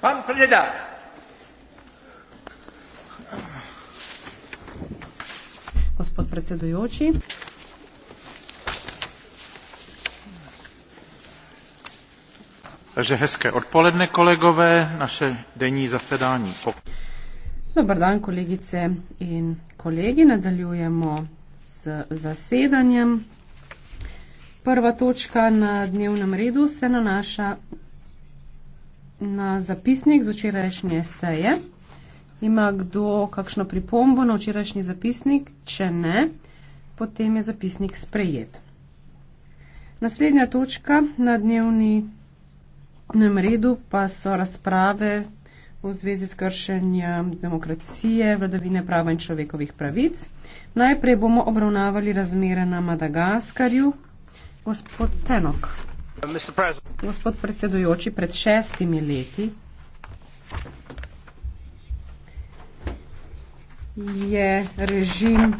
Pan Preda. Gospod predsedujoči. Takže hezké odpoledne, kolegové, naše denní zasedání. Dobar dan, kolegice in kolegi. Nadaljujemo z zasedanjem. Prva točka na dnevnem redu se nanaša na zapisnik z včerajšnje seje. Ima kdo kakšno pripombo na včerajšnji zapisnik? Če ne, potem je zapisnik sprejet. Naslednja točka na dnevnem redu pa so razprave v zvezi s kršenjem demokracije, vladavine prava in človekovih pravic. Najprej bomo obravnavali razmere na Madagaskarju. Gospod Tenok. Gospod predsedujoči, pred šestimi leti je režim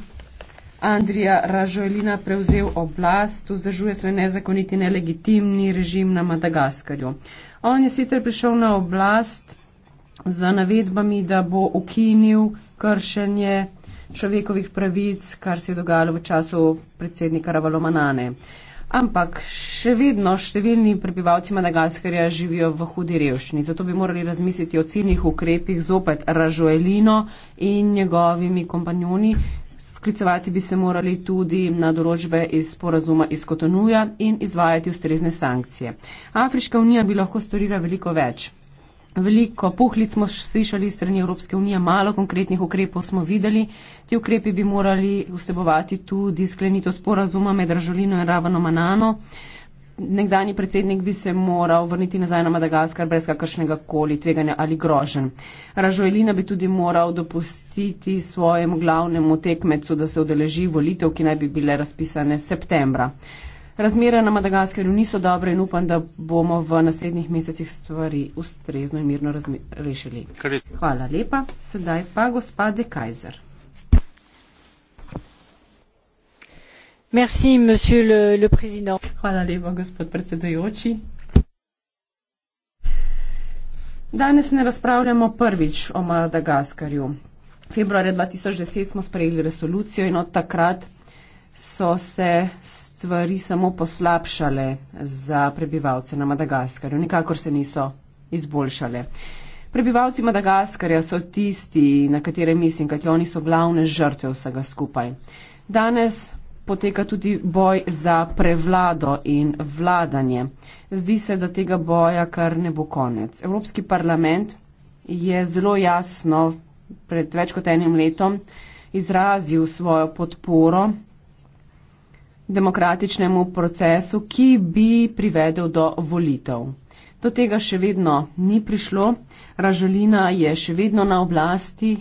Andrija Ražojlina prevzel oblast, vzdržuje svoj nezakoniti, nelegitimni režim na Madagaskarju. On je sicer prišel na oblast za navedbami, da bo ukinil kršenje človekovih pravic, kar se je dogajalo v času predsednika Ravalomanane. Uh, ampak še vedno številni prebivalci Madagaskarja živijo v hudi revščini. Zato bi morali razmisliti o ciljnih ukrepih zopet Ražuelino in njegovimi kompanjoni. Sklicevati bi se morali tudi na določbe iz porazuma iz Kotonuja in izvajati ustrezne sankcije. Afriška unija bi lahko storila veliko več. Veliko puhlic smo slišali strani Evropske unije, malo konkretnih ukrepov smo videli. Ti ukrepi bi morali vsebovati tudi sklenito sporazuma med Ražolino in Ravano Manano. Nekdani predsednik bi se moral vrniti nazaj na Madagaskar brez kakršnega koli tveganja ali grožen. Ražojelina bi tudi moral dopustiti svojemu glavnemu tekmecu, da se odeleži volitev, ki naj bi bile razpisane septembra. Razmere na Madagaskarju niso dobre in upam, da bomo v naslednjih mesecih stvari ustrezno in mirno rešili. Hvala lepa. Sedaj pa gospod De Kajzer. Merci, monsieur le, le président. Hvala lepa, gospod predsedujoči. Danes ne razpravljamo prvič o Madagaskarju. Februarja 2010 smo sprejeli resolucijo in od takrat so se stvari samo poslabšale za prebivalce na Madagaskarju, nikakor se niso izboljšale. Prebivalci Madagaskarja so tisti, na katere mislim, kajti oni so glavne žrtve vsega skupaj. Danes poteka tudi boj za prevlado in vladanje. Zdi se, da tega boja kar ne bo konec. Evropski parlament je zelo jasno pred več kot enim letom izrazil svojo podporo demokratičnemu procesu, ki bi privedel do volitev. Do tega še vedno ni prišlo, Ražolina je še vedno na oblasti.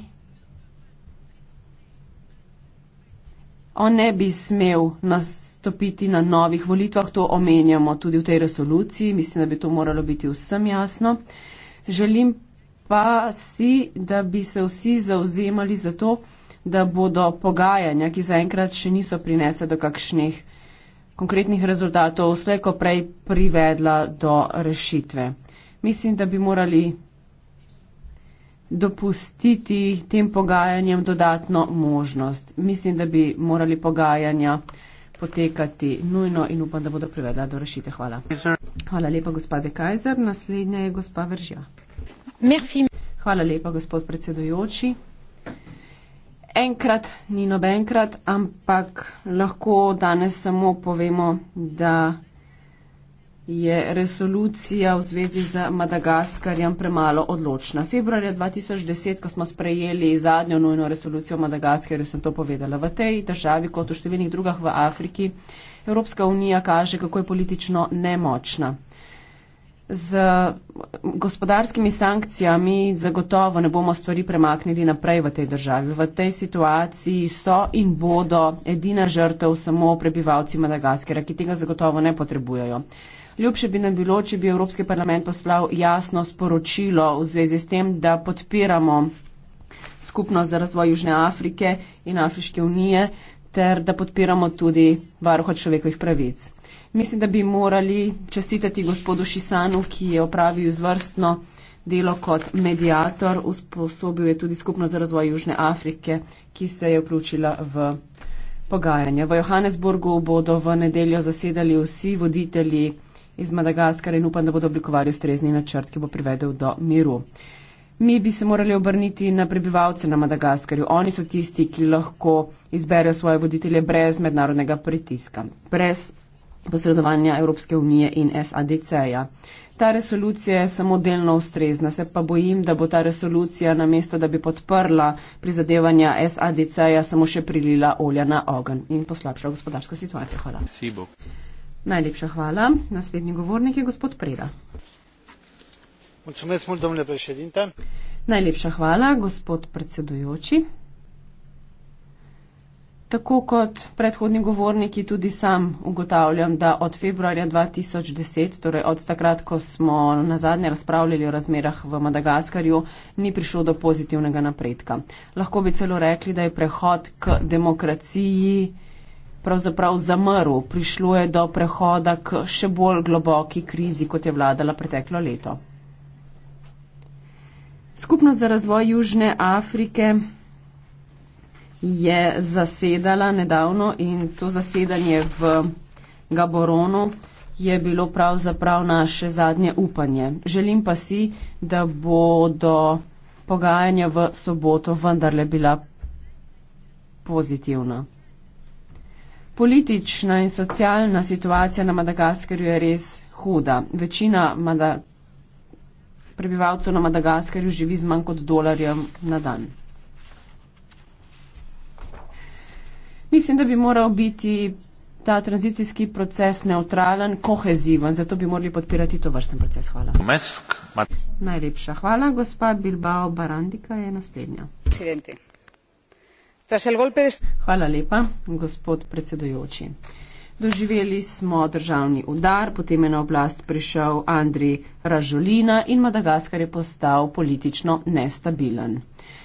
On ne bi smel nastopiti na novih volitvah, to omenjamo tudi v tej resoluciji, mislim, da bi to moralo biti vsem jasno. Želim pa si, da bi se vsi zauzemali za to, da bodo pogajanja, ki zaenkrat še niso prinesle do kakšnih konkretnih rezultatov, vse ko prej privedla do rešitve. Mislim, da bi morali dopustiti tem pogajanjem dodatno možnost. Mislim, da bi morali pogajanja potekati nujno in upam, da bodo privedla do rešitve. Hvala. Hvala lepa, gospode Kajzer. Naslednja je gospa Vržja. Merci. Hvala lepa, gospod predsedujoči enkrat ni nobenkrat, ampak lahko danes samo povemo, da je resolucija v zvezi z Madagaskarjem premalo odločna. Februarja 2010, ko smo sprejeli zadnjo nujno resolucijo o Madagaskarju, sem to povedala. V tej državi, kot v številnih drugah v Afriki, Evropska unija kaže, kako je politično nemočna. Z gospodarskimi sankcijami zagotovo ne bomo stvari premaknili naprej v tej državi. V tej situaciji so in bodo edina žrtev samo prebivalci Madagaskara, ki tega zagotovo ne potrebujejo. Ljubše bi nam bilo, če bi Evropski parlament poslal jasno sporočilo v zvezi s tem, da podpiramo skupnost za razvoj Južne Afrike in Afriške unije, ter da podpiramo tudi varuha človekovih pravic. Mislim, da bi morali čestitati gospodu Šisanu, ki je opravil izvrstno delo kot medijator, usposobil je tudi skupno za razvoj Južne Afrike, ki se je vključila v pogajanje. V Johannesburgu bodo v nedeljo zasedali vsi voditelji iz Madagaskara in upam, da bodo oblikovali ustrezni načrt, ki bo privedel do miru mi bi se morali obrniti na prebivalce na Madagaskarju. Oni so tisti, ki lahko izberejo svoje voditelje brez mednarodnega pritiska, brez posredovanja Evropske unije in SADC-ja. Ta resolucija je samo delno ustrezna, se pa bojim, da bo ta resolucija namesto, da bi podprla prizadevanja SADC-ja, samo še prilila olja na ogen in poslabšala gospodarsko situacijo. Hvala. Najlepša hvala. Naslednji govornik je gospod Preda. Najlepša hvala, gospod predsedujoči. Tako kot predhodni govorniki, tudi sam ugotavljam, da od februarja 2010, torej od takrat, ko smo na zadnje razpravljali o razmerah v Madagaskarju, ni prišlo do pozitivnega napredka. Lahko bi celo rekli, da je prehod k demokraciji pravzaprav zamrl, prišlo je do prehoda k še bolj globoki krizi, kot je vladala preteklo leto. Skupnost za razvoj Južne Afrike je zasedala nedavno in to zasedanje v Gaboronu je bilo pravzaprav naše zadnje upanje. Želim pa si, da bodo pogajanja v soboto vendarle bila pozitivna. Politična in socialna situacija na Madagaskarju je res huda. Večina Madagaskarja prebivalcev na Madagaskarju živi z manj kot dolarjem na dan. Mislim, da bi moral biti ta tranzicijski proces neutralen, koheziven, zato bi morali podpirati to vrsten proces. Hvala. Mesk, Najlepša hvala. Gospa Bilbao Barandika je naslednja. Hvala lepa, gospod predsedujoči. Doživeli smo državni udar, potem je na oblast prišel Andrij Ražolina in Madagaskar je postal politično nestabilen.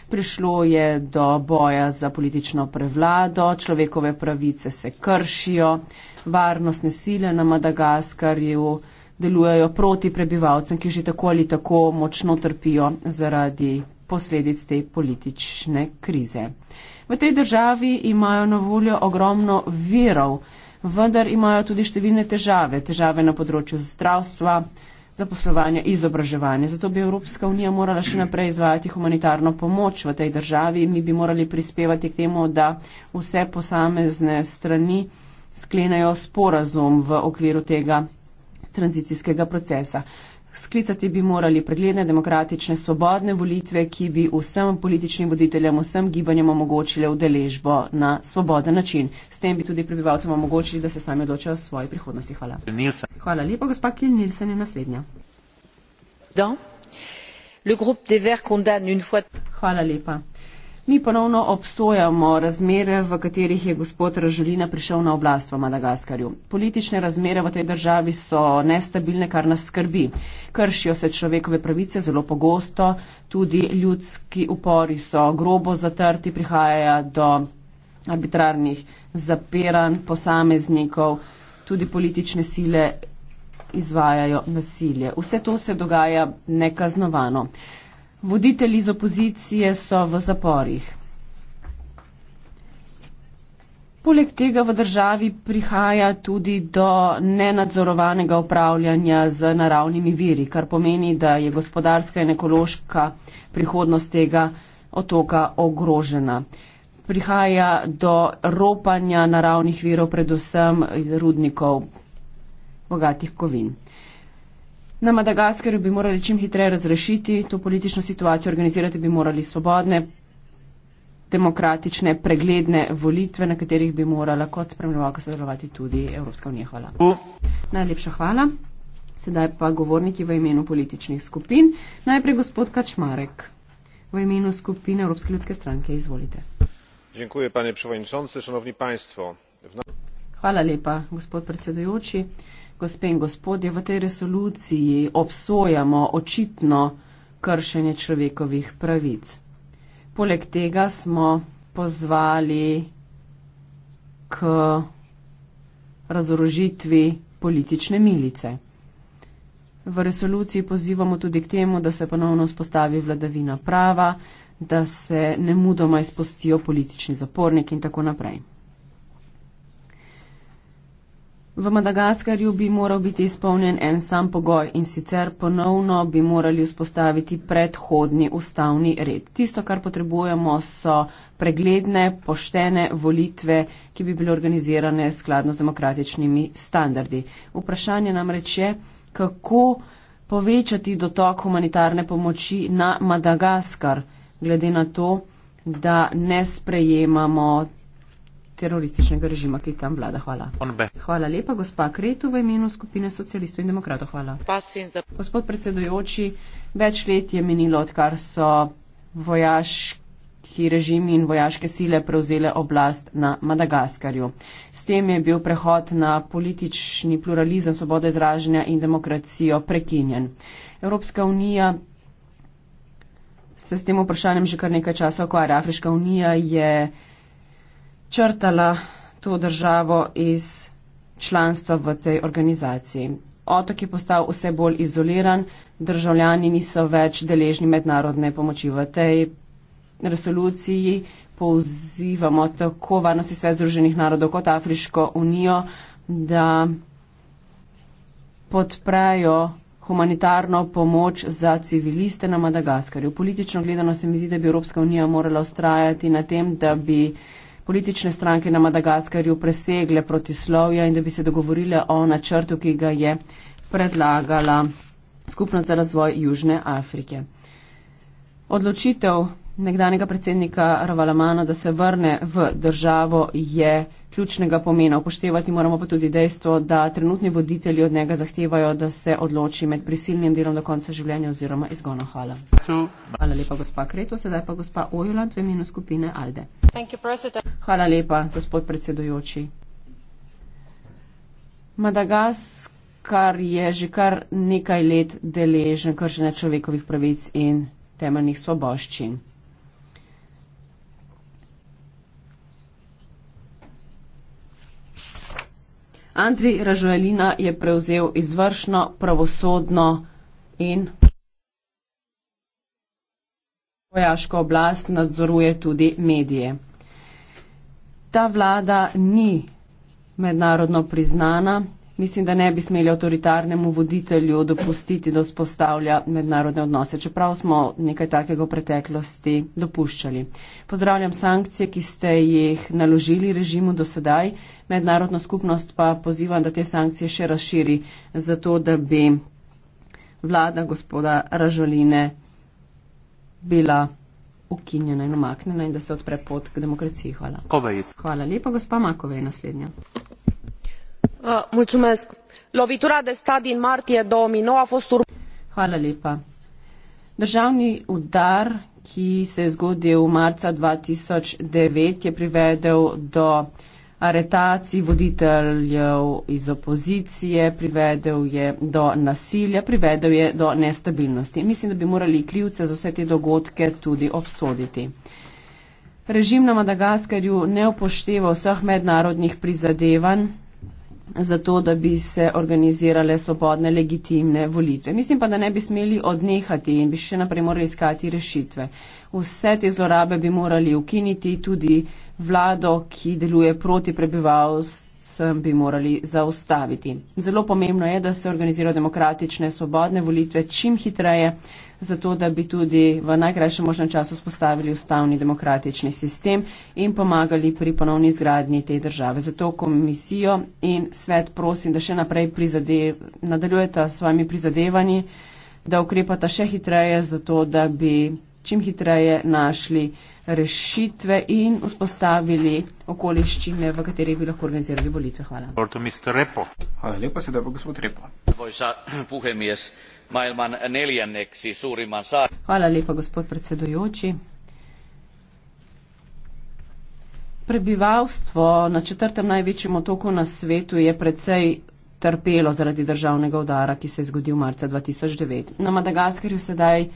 Prišlo je do boja za politično prevlado, človekove pravice se kršijo, varnostne sile na Madagaskarju delujejo proti prebivalcem, ki že tako ali tako močno trpijo zaradi posledic te politične krize. V tej državi imajo na voljo ogromno virov, vendar imajo tudi številne težave, težave na področju zdravstva, zaposlovanja, izobraževanja. Zato bi Evropska unija morala še naprej izvajati humanitarno pomoč v tej državi. Mi bi morali prispevati k temu, da vse posamezne strani sklenajo sporazum v okviru tega tranzicijskega procesa. Sklicati bi morali pregledne, demokratične, svobodne volitve, ki bi vsem političnim voditeljem, vsem gibanjem omogočile udeležbo na svoboden način. S tem bi tudi prebivalcem omogočili, da se sami odločajo o svoji prihodnosti. Hvala. Nielsen. Hvala lepa, gospa Kil Nilsen je naslednja. Da. Hvala lepa. Mi ponovno obsojamo razmere, v katerih je gospod Ražolina prišel na oblast v Madagaskarju. Politične razmere v tej državi so nestabilne, kar nas skrbi. Kršijo se človekove pravice zelo pogosto, tudi ljudski upori so grobo zatrti, prihaja do arbitrarnih zapiranj posameznikov, tudi politične sile izvajajo nasilje. Vse to se dogaja nekaznovano. Voditelji iz opozicije so v zaporih. Poleg tega v državi prihaja tudi do nenadzorovanega upravljanja z naravnimi viri, kar pomeni, da je gospodarska in ekološka prihodnost tega otoka ogrožena. Prihaja do ropanja naravnih virov, predvsem iz rudnikov bogatih kovin. Na Madagaskarju bi morali čim hitreje razrešiti to politično situacijo, organizirati bi morali svobodne, demokratične, pregledne volitve, na katerih bi morala kot spremljevalka sodelovati tudi Evropska unija. Hvala. Najlepša hvala. Sedaj pa govorniki v imenu političnih skupin. Najprej gospod Kačmarek v imenu skupine Evropske ljudske stranke. Izvolite. Hvala lepa, gospod predsedujoči gospe in gospodje, v tej resoluciji obsojamo očitno kršenje človekovih pravic. Poleg tega smo pozvali k razorožitvi politične milice. V resoluciji pozivamo tudi k temu, da se ponovno vzpostavi vladavina prava, da se ne mudoma izpustijo politični zaporniki in tako naprej. V Madagaskarju bi moral biti izpolnjen en sam pogoj in sicer ponovno bi morali vzpostaviti predhodni ustavni red. Tisto, kar potrebujemo, so pregledne, poštene volitve, ki bi bile organizirane skladno z demokratičnimi standardi. Vprašanje namreč je, kako povečati dotok humanitarne pomoči na Madagaskar, glede na to, da ne sprejemamo terorističnega režima, ki tam vlada. Hvala. Hvala lepa, gospa Kretu, v imenu skupine socialistov in demokratov. Hvala. Gospod predsedujoči, več let je minilo, odkar so vojaški režimi in vojaške sile prevzele oblast na Madagaskarju. S tem je bil prehod na politični pluralizem, svobodo izražanja in demokracijo prekinjen. Evropska unija se s tem vprašanjem že kar nekaj časa ukvarja. Afriška unija je črtala to državo iz članstva v tej organizaciji. Otok je postal vse bolj izoliran, državljani niso več deležni mednarodne pomoči. V tej resoluciji pozivamo tako Varnostni svet Združenih narodov kot Afriško unijo, da podprejo humanitarno pomoč za civiliste na Madagaskarju. Politično gledano se mi zdi, da bi Evropska unija morala ustrajati na tem, da bi politične stranke na Madagaskarju presegle protislovja in da bi se dogovorile o načrtu, ki ga je predlagala Skupnost za razvoj Južne Afrike. Odločitev nekdanjega predsednika Ravalamana, da se vrne v državo, je ključnega pomena. Upoštevati moramo pa tudi dejstvo, da trenutni voditelji od njega zahtevajo, da se odloči med prisilnim delom do konca življenja oziroma izgonom. Hvala. Hvala lepa, gospa Kreto. Sedaj pa gospa Ojula, dve minus skupine Alde. Hvala lepa, gospod predsedujoči. Madagaskar je že kar nekaj let deležen kršenja človekovih pravic in temeljnih svoboščin. Andrij Ražujalina je prevzel izvršno, pravosodno in vojaško oblast, nadzoruje tudi medije. Ta vlada ni mednarodno priznana, mislim, da ne bi smeli avtoritarnemu voditelju dopustiti, da vzpostavlja mednarodne odnose, čeprav smo nekaj takega v preteklosti dopuščali. Pozdravljam sankcije, ki ste jih naložili režimu do sedaj, mednarodno skupnost pa pozivam, da te sankcije še razširi, zato da bi vlada gospoda Ražoline bila ukinjena in omaknjena in da se odpre pot k demokraciji. Hvala. Kovejc. Hvala lepa, gospa Makovej, naslednja. Uh, lovitura de stat din martie două mii nouă a fost urmată Državni udar, ki se je zgodil marca 2009, je privedel do aretacij voditeljev iz opozicije, privedel je do nasilja, privedel je do nestabilnosti. Mislim, da bi morali krivce za vse te dogodke tudi obsoditi. Režim na Madagaskarju ne upošteva vseh mednarodnih prizadevanj, za to, da bi se organizirale svobodne, legitimne volitve. Mislim pa, da ne bi smeli odnehati in bi še naprej morali iskati rešitve. Vse te zlorabe bi morali ukiniti, tudi vlado, ki deluje proti prebivalcem, bi morali zaustaviti. Zelo pomembno je, da se organizirajo demokratične, svobodne volitve čim hitreje, zato da bi tudi v najkrajšem možnem času spostavili ustavni demokratični sistem in pomagali pri ponovni izgradnji te države. Zato komisijo in svet prosim, da še naprej nadaljujeta s svojimi prizadevanji, da ukrepata še hitreje, zato da bi čim hitreje našli rešitve in vzpostavili okoliščine, v katerih bi lahko organizirali volitve. Hvala. Hvala lepa, sedaj bo gospod Repo. Hvala lepa, gospod predsedujoči. Prebivalstvo na četrtem največjem otoku na svetu je precej trpelo zaradi državnega udara, ki se je zgodil marca 2009. Na Madagaskarju sedaj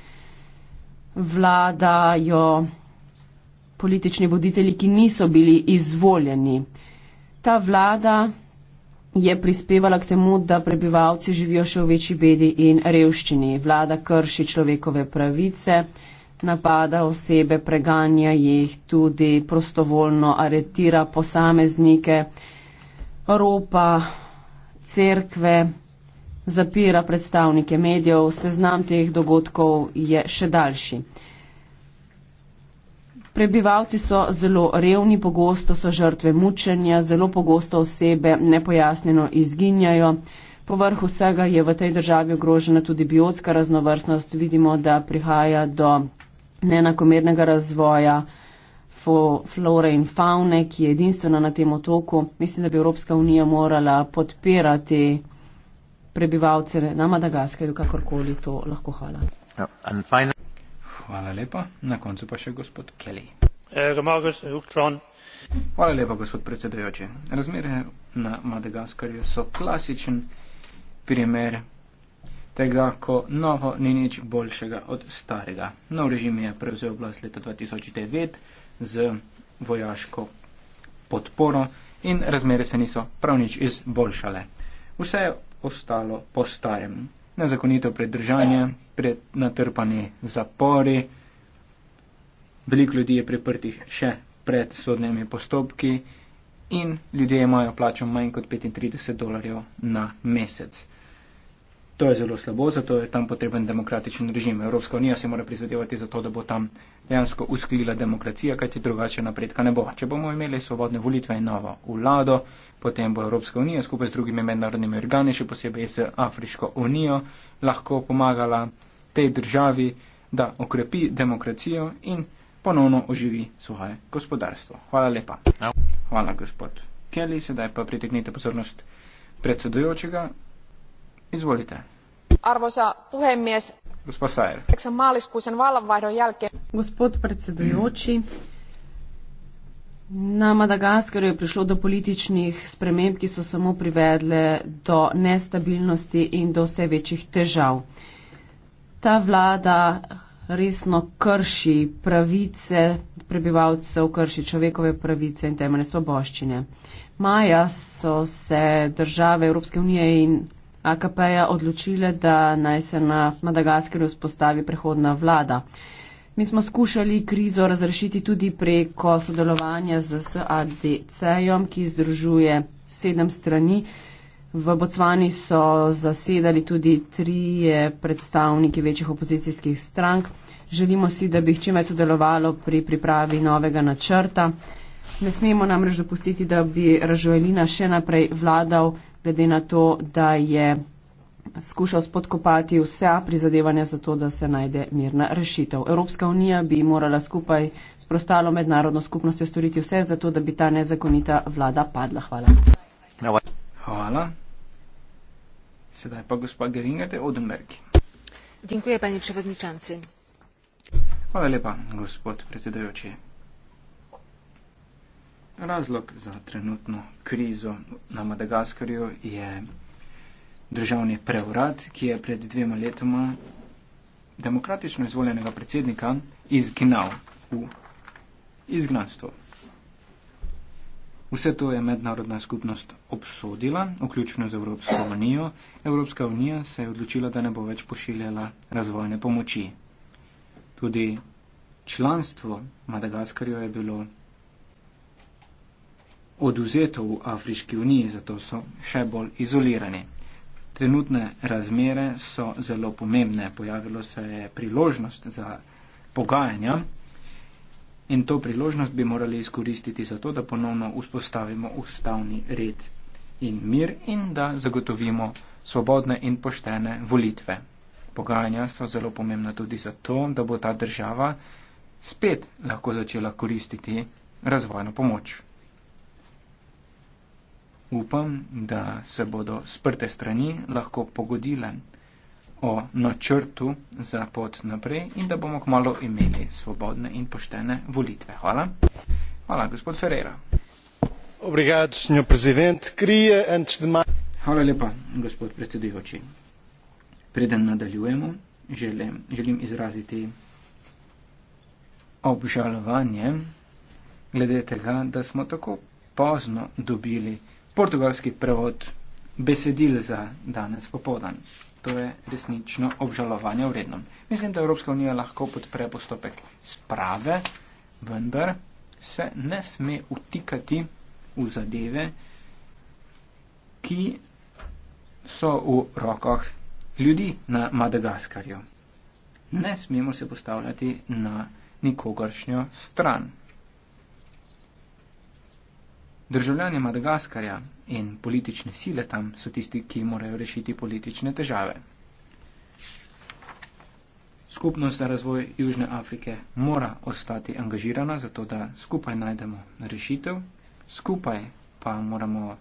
vladajo politični voditelji, ki niso bili izvoljeni. Ta vlada je prispevala k temu, da prebivalci živijo še v večji bedi in revščini. Vlada krši človekove pravice, napada osebe, preganja jih, tudi prostovoljno aretira posameznike, ropa, cerkve, zapira predstavnike medijev, seznam teh dogodkov je še daljši. Prebivalci so zelo revni, pogosto so žrtve mučenja, zelo pogosto osebe nepojasneno izginjajo. Povrh vsega je v tej državi ogrožena tudi biotska raznovrstnost. Vidimo, da prihaja do nenakomernega razvoja flore in faune, ki je edinstvena na tem otoku. Mislim, da bi Evropska unija morala podpirati prebivalce na Madagaskarju, kakorkoli to lahko hvala. Ja, hvala lepa. Na koncu pa še gospod Kelly. Eh, eh, hvala lepa, gospod predsedujoči. Razmere na Madagaskarju so klasičen primer tega, ko novo ni nič boljšega od starega. Nov režim je prevzel oblast leta 2009 z vojaško podporo in razmere se niso prav nič izboljšale. Vse je ostalo po starem. Nezakonito predržanje, pred natrpani zapori, veliko ljudi je priprtih še pred sodnimi postopki in ljudje imajo plačo manj kot 35 dolarjev na mesec. To je zelo slabo, zato je tam potreben demokratičen režim. Evropska unija se mora prizadevati za to, da bo tam dejansko usklila demokracija, kajti drugače napredka ne bo. Če bomo imeli svobodne volitve in novo vlado, potem bo Evropska unija skupaj z drugimi mednarodnimi organi, še posebej z Afriško unijo, lahko pomagala tej državi, da okrepi demokracijo in ponovno oživi svoje gospodarstvo. Hvala lepa. Ja. Hvala, gospod Kelly. Sedaj pa pritegnite pozornost predsedujočega arvoisa puhemies kahdeksan maaliskuisen vallanvaihdon jälkeen. gospod predsedujoči na madagaskarju je prišlo do političnih sprememb ki so samo privedle do nestabilnosti in do vse večjih težav. ta vlada resno krši pravice prebivalcev, krši človekove pravice in temeljne svoboščine. Maja so se države Evropske unije in AKP je odločile, da naj se na Madagaskarju vzpostavi prehodna vlada. Mi smo skušali krizo razrešiti tudi preko sodelovanja z SADC-om, ki združuje sedem strani. V Bocvani so zasedali tudi trije predstavniki večjih opozicijskih strank. Želimo si, da bi jih čim več sodelovalo pri pripravi novega načrta. Ne smemo namreč dopustiti, da bi Ražuelina še naprej vladal glede na to, da je skušal spodkopati vsa prizadevanja za to, da se najde mirna rešitev. Evropska unija bi morala skupaj s prostalo mednarodno skupnostjo storiti vse za to, da bi ta nezakonita vlada padla. Hvala. Hvala. Sedaj pa gospa Geringate Odenberg. Dziękuję, panie przewodniczący. Hvala lepa, gospod predsedujoči. Razlog za trenutno krizo na Madagaskarju je državni preurad, ki je pred dvema letoma demokratično izvoljenega predsednika izgnal v izgnanstvo. Vse to je mednarodna skupnost obsodila, vključno z Evropsko unijo. Evropska unija se je odločila, da ne bo več pošiljala razvojne pomoči. Tudi članstvo Madagaskarja je bilo oduzeto v Afriški uniji, zato so še bolj izolirani. Trenutne razmere so zelo pomembne. Pojavilo se je priložnost za pogajanja in to priložnost bi morali izkoristiti za to, da ponovno vzpostavimo ustavni red in mir in da zagotovimo svobodne in poštene volitve. Pogajanja so zelo pomembna tudi zato, da bo ta država spet lahko začela koristiti razvojno pomoč upam, da se bodo sprte strani lahko pogodile o načrtu za pot naprej in da bomo kmalo imeli svobodne in poštene volitve. Hvala. Hvala, gospod Ferreira. Obrigado, senhor presidente. Queria, antes de mais... Hvala lepa, gospod predsedujoči. Preden nadaljujemo, želim, želim izraziti obžalovanje glede tega, da smo tako pozno dobili portugalski prevod besedil za danes popovdan. To je resnično obžalovanje vredno. Mislim, da Evropska unija lahko podpre postopek sprave, vendar se ne sme utikati v zadeve, ki so v rokah ljudi na Madagaskarju. Ne smemo se postavljati na nikogaršnjo stran. Državljani Madagaskarja in politične sile tam so tisti, ki morajo rešiti politične težave. Skupnost za razvoj Južne Afrike mora ostati angažirana, zato da skupaj najdemo rešitev, skupaj pa moramo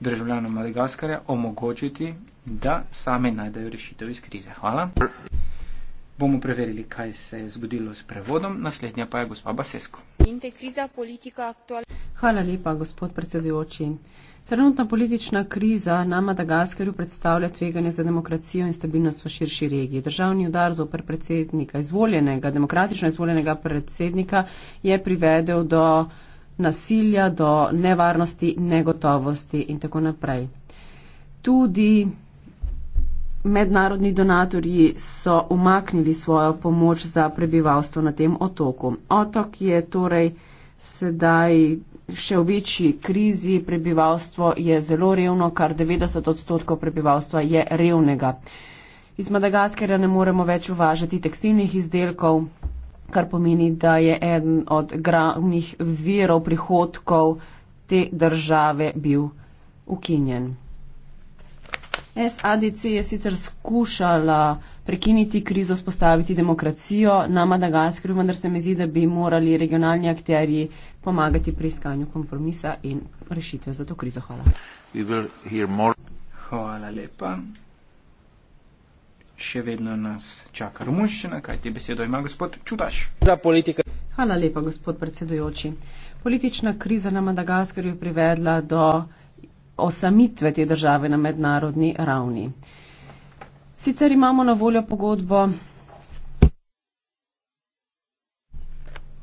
državljanom Madagaskarja omogočiti, da sami najdejo rešitev iz krize. Hvala. Bomo preverili, kaj se je zgodilo s prevodom, naslednja pa je gospa Basesko. Trenutna politična kriza na Madagaskarju predstavlja tveganje za demokracijo in stabilnost v širši regiji. Državni udar zoper predsednika, izvoljenega, demokratično izvoljenega predsednika je privedel do nasilja, do nevarnosti, negotovosti in tako naprej. Tudi Mednarodni donatorji so umaknili svojo pomoč za prebivalstvo na tem otoku. Otok je torej sedaj še v večji krizi, prebivalstvo je zelo revno, kar 90 odstotkov prebivalstva je revnega. Iz Madagaskarja ne moremo več uvažati tekstilnih izdelkov, kar pomeni, da je eden od glavnih virov prihodkov te države bil ukinjen. SADC je sicer skušala prekiniti krizo, spostaviti demokracijo na Madagaskarju, vendar se mi zdi, da bi morali regionalni akterji pomagati pri iskanju kompromisa in rešitve za to krizo. Hvala. Hvala lepa. Še vedno nas čaka rumunščina, kaj ti besedo ima gospod Čudaš. Hvala lepa, gospod predsedujoči. Politična kriza na Madagaskarju je privedla do osamitve te države na mednarodni ravni. Sicer imamo na voljo pogodbo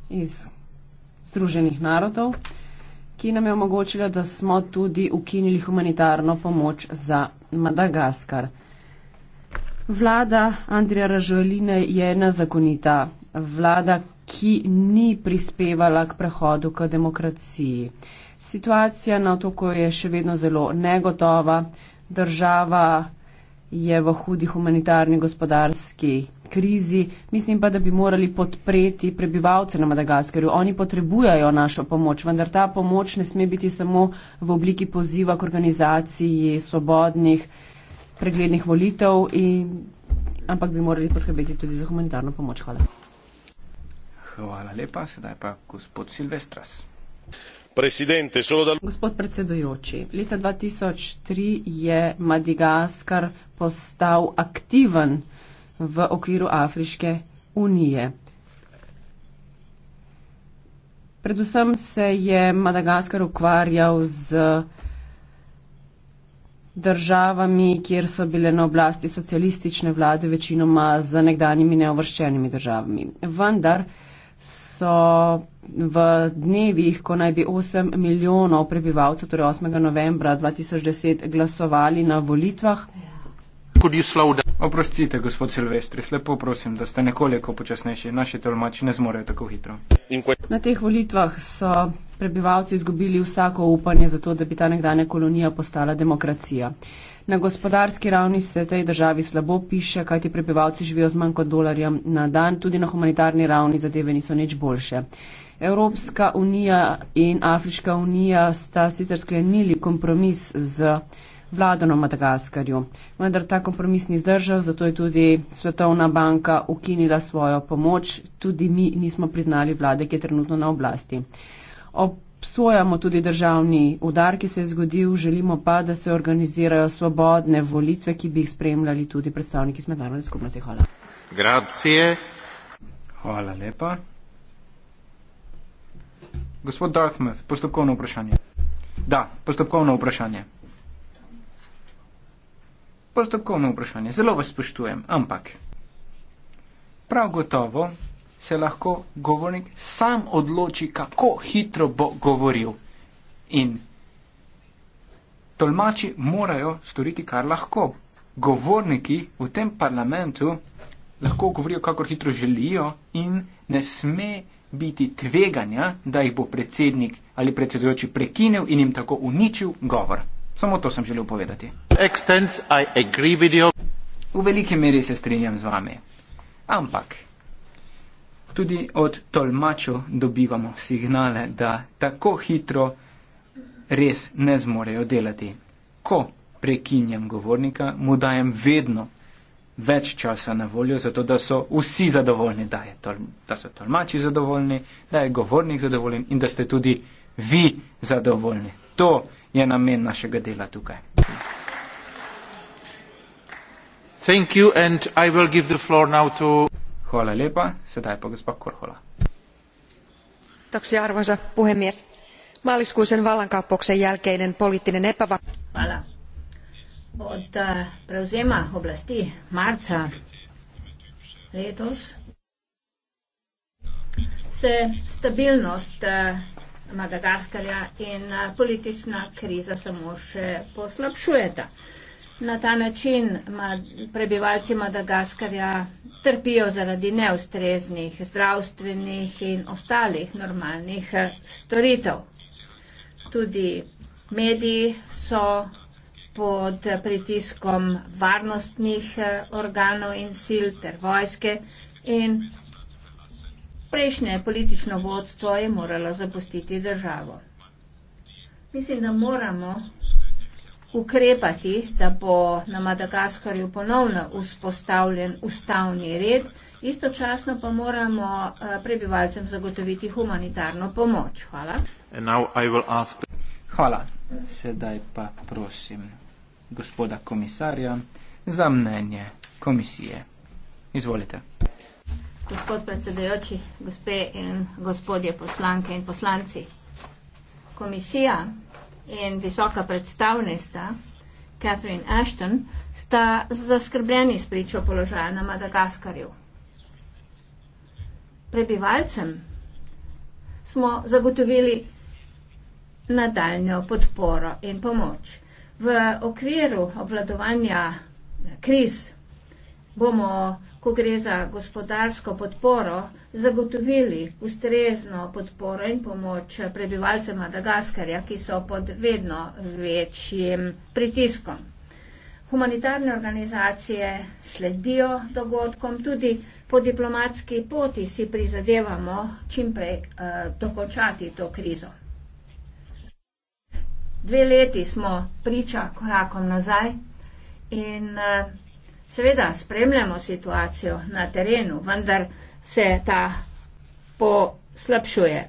iz Združenih narodov, ki nam je omogočila, da smo tudi ukinili humanitarno pomoč za Madagaskar. Vlada Andrija Ražoline je nezakonita vlada, ki ni prispevala k prehodu k demokraciji. Situacija na no, otoku je še vedno zelo negotova. Država je v hudi humanitarni gospodarski krizi. Mislim pa, da bi morali podpreti prebivalce na Madagaskarju. Oni potrebujajo našo pomoč, vendar ta pomoč ne sme biti samo v obliki poziva k organizaciji svobodnih preglednih volitev, in, ampak bi morali poskrbeti tudi za humanitarno pomoč. Hvala. Hvala lepa. Sedaj pa gospod Silvestras. Presidente, solo da... Gospod predsedujoči, leta 2003 je Madigaskar postal aktiven v okviru Afriške unije. Predvsem se je Madagaskar ukvarjal z državami, kjer so bile na oblasti socialistične vlade, večinoma z nekdanjimi neovrščenimi državami. Vendar so v dnevih, ko naj bi 8 milijonov prebivalcev, torej 8. novembra 2010, glasovali na volitvah. Oprostite, gospod Silvestri, lepo prosim, da ste nekoliko počasnejši. Naši tolmači ne zmorejo tako hitro. Na teh volitvah so prebivalci izgubili vsako upanje za to, da bi ta nekdanja kolonija postala demokracija. Na gospodarski ravni se tej državi slabo piše, kajti prebivalci živijo z manj kot dolarjem na dan, tudi na humanitarni ravni zadeve niso nič boljše. Evropska unija in Afriška unija sta sicer sklenili kompromis z vlado na Madagaskarju, vendar ta kompromis ni zdržal, zato je tudi Svetovna banka ukinila svojo pomoč, tudi mi nismo priznali vlade, ki je trenutno na oblasti. Obsojamo tudi državni udar, ki se je zgodil, želimo pa, da se organizirajo svobodne volitve, ki bi jih spremljali tudi predstavniki mednarodne skupnosti. Hvala. Grazie. Hvala lepa. Gospod Dartmouth, postopkovno vprašanje. Da, postopkovno vprašanje. Postopkovno vprašanje. Zelo vas spoštujem, ampak prav gotovo se lahko govornik sam odloči, kako hitro bo govoril. In tolmači morajo storiti, kar lahko. Govorniki v tem parlamentu lahko govorijo, kako hitro želijo in ne sme biti tveganja, da jih bo predsednik ali predsedujoči prekinil in jim tako uničil govor. Samo to sem želel povedati. Extends, v veliki meri se strinjam z vami. Ampak tudi od tolmačev dobivamo signale, da tako hitro res ne zmorejo delati. Ko prekinjam govornika, mu dajem vedno več časa na voljo, zato da so vsi zadovoljni, da, je tol, da so tolmači zadovoljni, da je govornik zadovoljen in da ste tudi vi zadovoljni. To je namen našega dela tukaj. Thank you and I will give the floor now to Hvala lepa. Sedaj pa gospod Korhola. Taksija arvoisa puhemies. Maaliskuisen vallankaappauksen jälkeinen poliittinen epäva... Hvala. Od eh, preuzema oblasti marca letos se stabilnost eh, Madagaskarja in eh, politična kriza samo še poslabšujeta. Na ta način prebivalci Madagaskarja trpijo zaradi neustreznih zdravstvenih in ostalih normalnih eh, storitev. Tudi mediji so pod pritiskom varnostnih eh, organov in sil ter vojske in prejšnje politično vodstvo je moralo zapustiti državo. Mislim, da moramo ukrepati, da bo na Madagaskarju ponovno vzpostavljen ustavni red, istočasno pa moramo eh, prebivalcem zagotoviti humanitarno pomoč. Hvala. Ask... Hvala. Sedaj pa prosim gospoda komisarja za mnenje komisije. Izvolite. Gospod predsedajoči, gospe in gospodje poslanke in poslanci. Komisija in visoka predstavnica Catherine Ashton sta zaskrbljeni s pričo položaja na Madagaskarju. Prebivalcem smo zagotovili nadaljno podporo in pomoč. V okviru obvladovanja kriz bomo ko gre za gospodarsko podporo, zagotovili ustrezno podporo in pomoč prebivalcem Madagaskarja, ki so pod vedno večjim pritiskom. Humanitarne organizacije sledijo dogodkom, tudi po diplomatski poti si prizadevamo čimprej eh, dokončati to krizo. Dve leti smo priča korakom nazaj in eh, Seveda spremljamo situacijo na terenu, vendar se ta poslabšuje.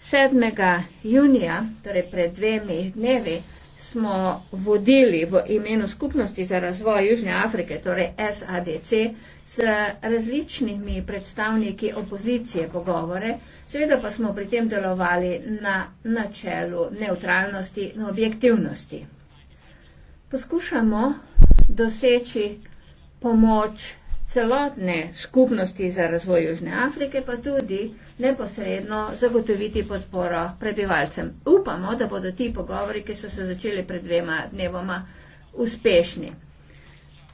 7. junija, torej pred dvemi dnevi, smo vodili v imenu Skupnosti za razvoj Južne Afrike, torej SADC, s različnimi predstavniki opozicije pogovore. Seveda pa smo pri tem delovali na načelu neutralnosti in objektivnosti. Poskušamo doseči pomoč celotne skupnosti za razvoj Južne Afrike, pa tudi neposredno zagotoviti podporo prebivalcem. Upamo, da bodo ti pogovori, ki so se začeli pred dvema dnevoma, uspešni.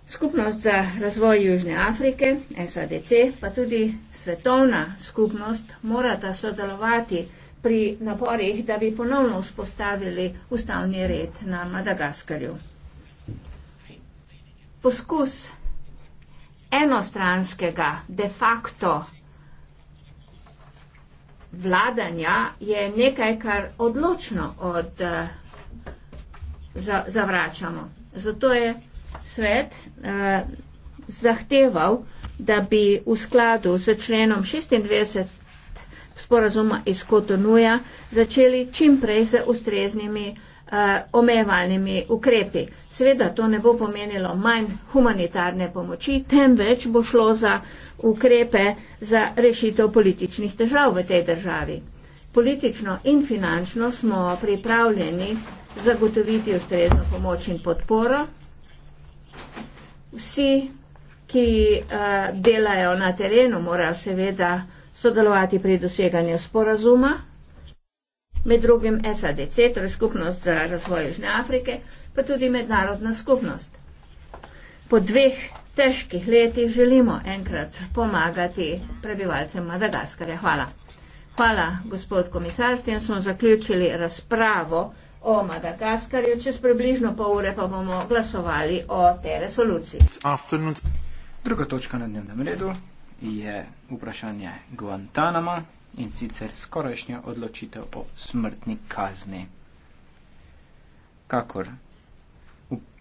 Skupnost za razvoj Južne Afrike, SADC, pa tudi svetovna skupnost morata sodelovati pri naporih, da bi ponovno vzpostavili ustavni red na Madagaskarju. Poskus enostranskega de facto vladanja je nekaj, kar odločno od, eh, za, zavračamo. Zato je svet eh, zahteval, da bi v skladu s členom 26 sporazuma iz Kotonuja začeli čimprej z ustreznimi Eh, omejevalnimi ukrepi. Seveda to ne bo pomenilo manj humanitarne pomoči, temveč bo šlo za ukrepe za rešitev političnih težav v tej državi. Politično in finančno smo pripravljeni zagotoviti ustrezno pomoč in podporo. Vsi, ki eh, delajo na terenu, morajo seveda sodelovati pri doseganju sporazuma med drugim SADC, torej skupnost za razvoj Južne Afrike, pa tudi mednarodna skupnost. Po dveh težkih letih želimo enkrat pomagati prebivalcem Madagaskarja. Hvala. Hvala, gospod komisar. S tem smo zaključili razpravo o Madagaskarju. Čez približno pol ure pa bomo glasovali o tej resoluciji. Druga točka na dnevnem redu je vprašanje Guantanama in sicer skorajšnjo odločitev o smrtni kazni. Kakor